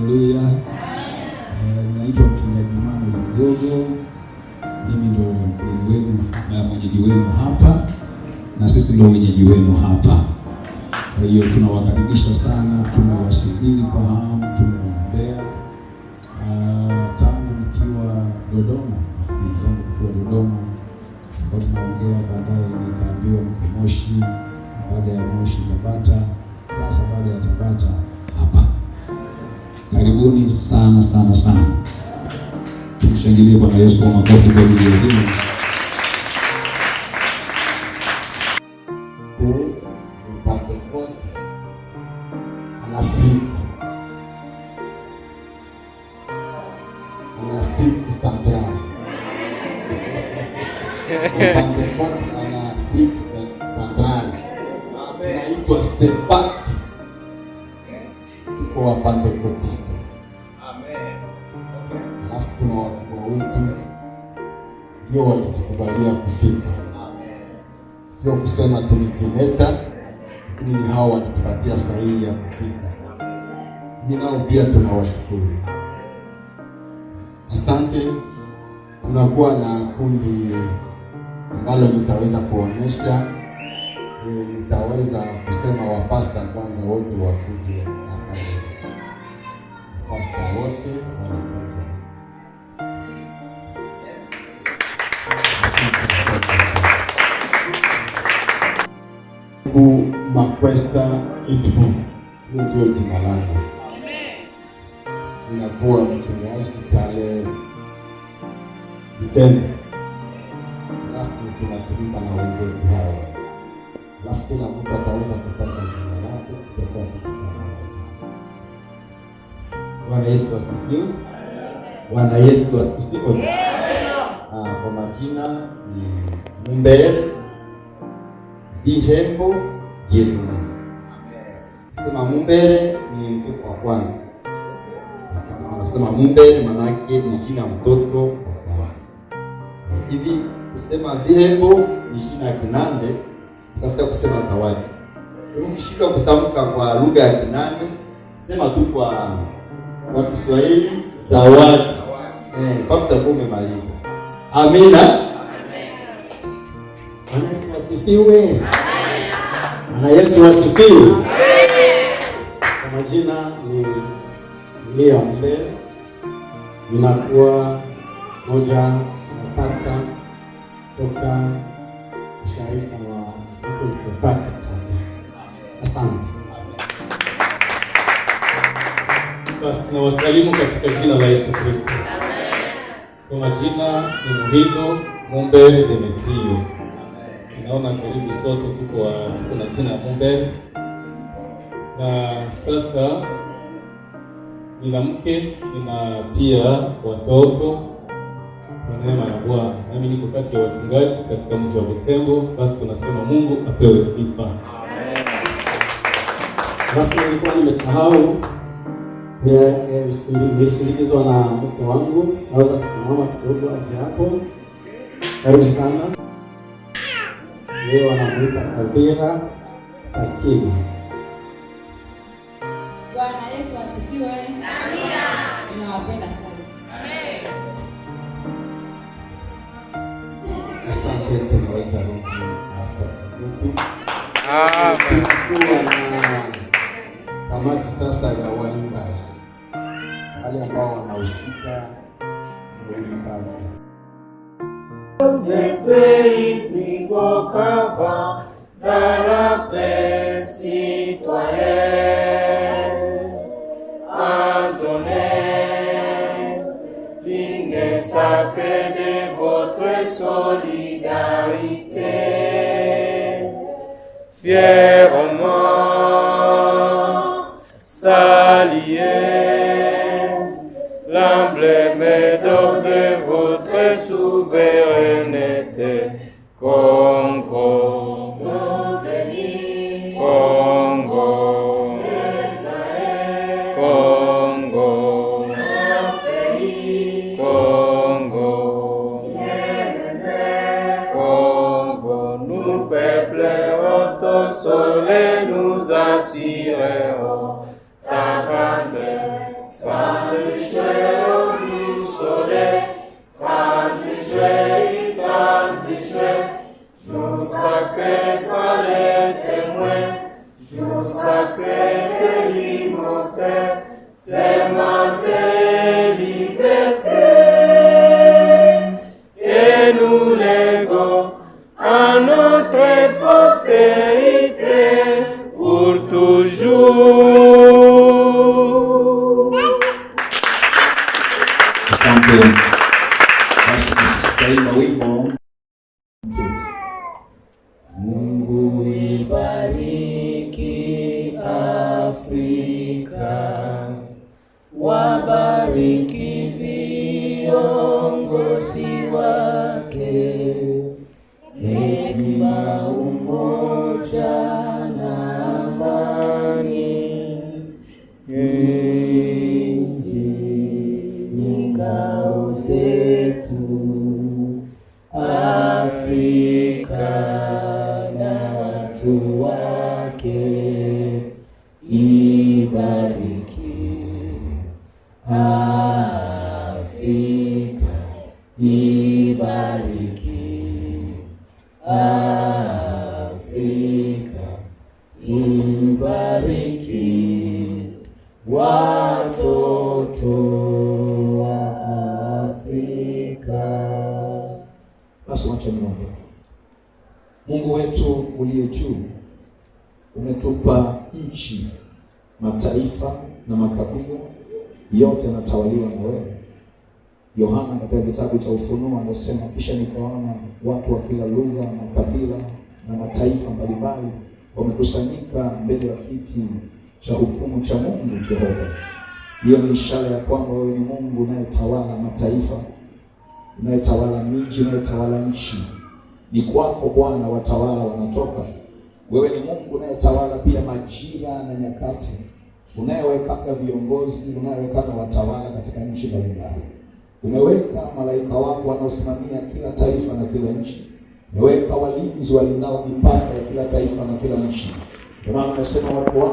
Haleluya. Ninaitwa eh, mchungaji Manuel Mgogo, mimi ndo mgeni wenu na mwenyeji wenu hapa, na sisi ndio wenyeji wenu hapa. Kwa hiyo tunawakaribisha sana, tunawasubiri kwa hamu, tunawaombea eh, tangu mkiwa Dodoma, tangu mkiwa Dodoma kwa tunaongea, baadaye nikaambiwa mko Moshi, baada ya Moshi Tabata karibuni sana sana sana. Tumshangilie Bwana Yesu kwa makofi kwa ajili ya hili. Tunaitwa sepak wa Pentekoste ndio walitukubalia kufika, sio kusema tulipimeta, lakini ni hao walitupatia sahihi ya kufika. Nao pia tunawashukuru, asante. Tunakuwa na kundi ambalo nitaweza kuonyesha e, nitaweza kusema wapasta kwanza wote wakuje, wapasta wote wanakuja Mungu Makwesta Itmo, hilo ndio jina langu. Ninakuwa mchungaji Kitale Vitendo, alafu tunatumika na wenzetu hawa, alafu kila mtu ataweza kupata jina lake kutakuwa Bwana Yesu asifiwe. Bwana Yesu asifiwe. Ah, kwa majina ni Mbe vihembo vyenu. Sema mumbere ni mke wa kwanza. Anasema mumbere manake ni jina mtoto wa kwanza. Hivi kusema vihembo ni jina ya Kinande, tafuta kusema zawadi. Ukishindwa kutamka kwa lugha ya Kinande, sema tu kwa kwa Kiswahili zawadi. Eh, mpaka utakuwa umemaliza. Amina asifiwe. Bwana Yesu asifiwe. Kwa majina ni Lia Mle, ninakuwa moja ya pasta toka usharika wa Asante basi, nawasalimu katika jina la Yesu Kristo. Kwa majina ni Muhindo Mumbere Demetrio naona karibu sote tuko tuko na jina Mumbere, na sasa nina mke, nina pia watoto kwa neema ya Bwana, nami niko kati ya wachungaji katika mji wa Butembo. Basi tunasema Mungu apewe sifa. Amen. Nilikuwa nimesahau nilishindikizwa na mke wangu, naweza kusimama kidogo aje hapo. Karibu sana. Leo wanamuita Kavira Sakina. Bwana Yesu asifiwe. Amina. Ninawapenda sana. Asante, tunaweza na kamati sasa ya waimbaji wale ambao wanahusika uimbaji pays qu'avant dans la paix citoyenne. Antonin, ligne sacrée de votre solidarité. Fièrement, saluez l'emblème venete con comodo. justo. zetu Afrika na watu wake, ibariki Afrika, ibariki Basi wacha niombe. Mungu wetu uliye juu, umetupa nchi, mataifa na makabila yote, yanatawaliwa na wewe. Yohana katika kitabu cha Ufunuo anasema, kisha nikaona watu wa kila lugha, makabila na mataifa mbalimbali wamekusanyika mbele ya kiti cha hukumu cha Mungu Jehova. Hiyo ni ishara ya kwamba wewe ni Mungu unayetawala mataifa unayetawala miji, unayetawala nchi. Ni kwako Bwana watawala wanatoka. Wewe ni Mungu unayetawala pia majira na nyakati, unayewekaga viongozi, unayewekaga watawala katika nchi mbalimbali. Umeweka malaika wako wanaosimamia kila taifa na kila nchi. Umeweka walinzi walindao mipaka ya kila taifa na kila nchi. Ndio maana unasema wako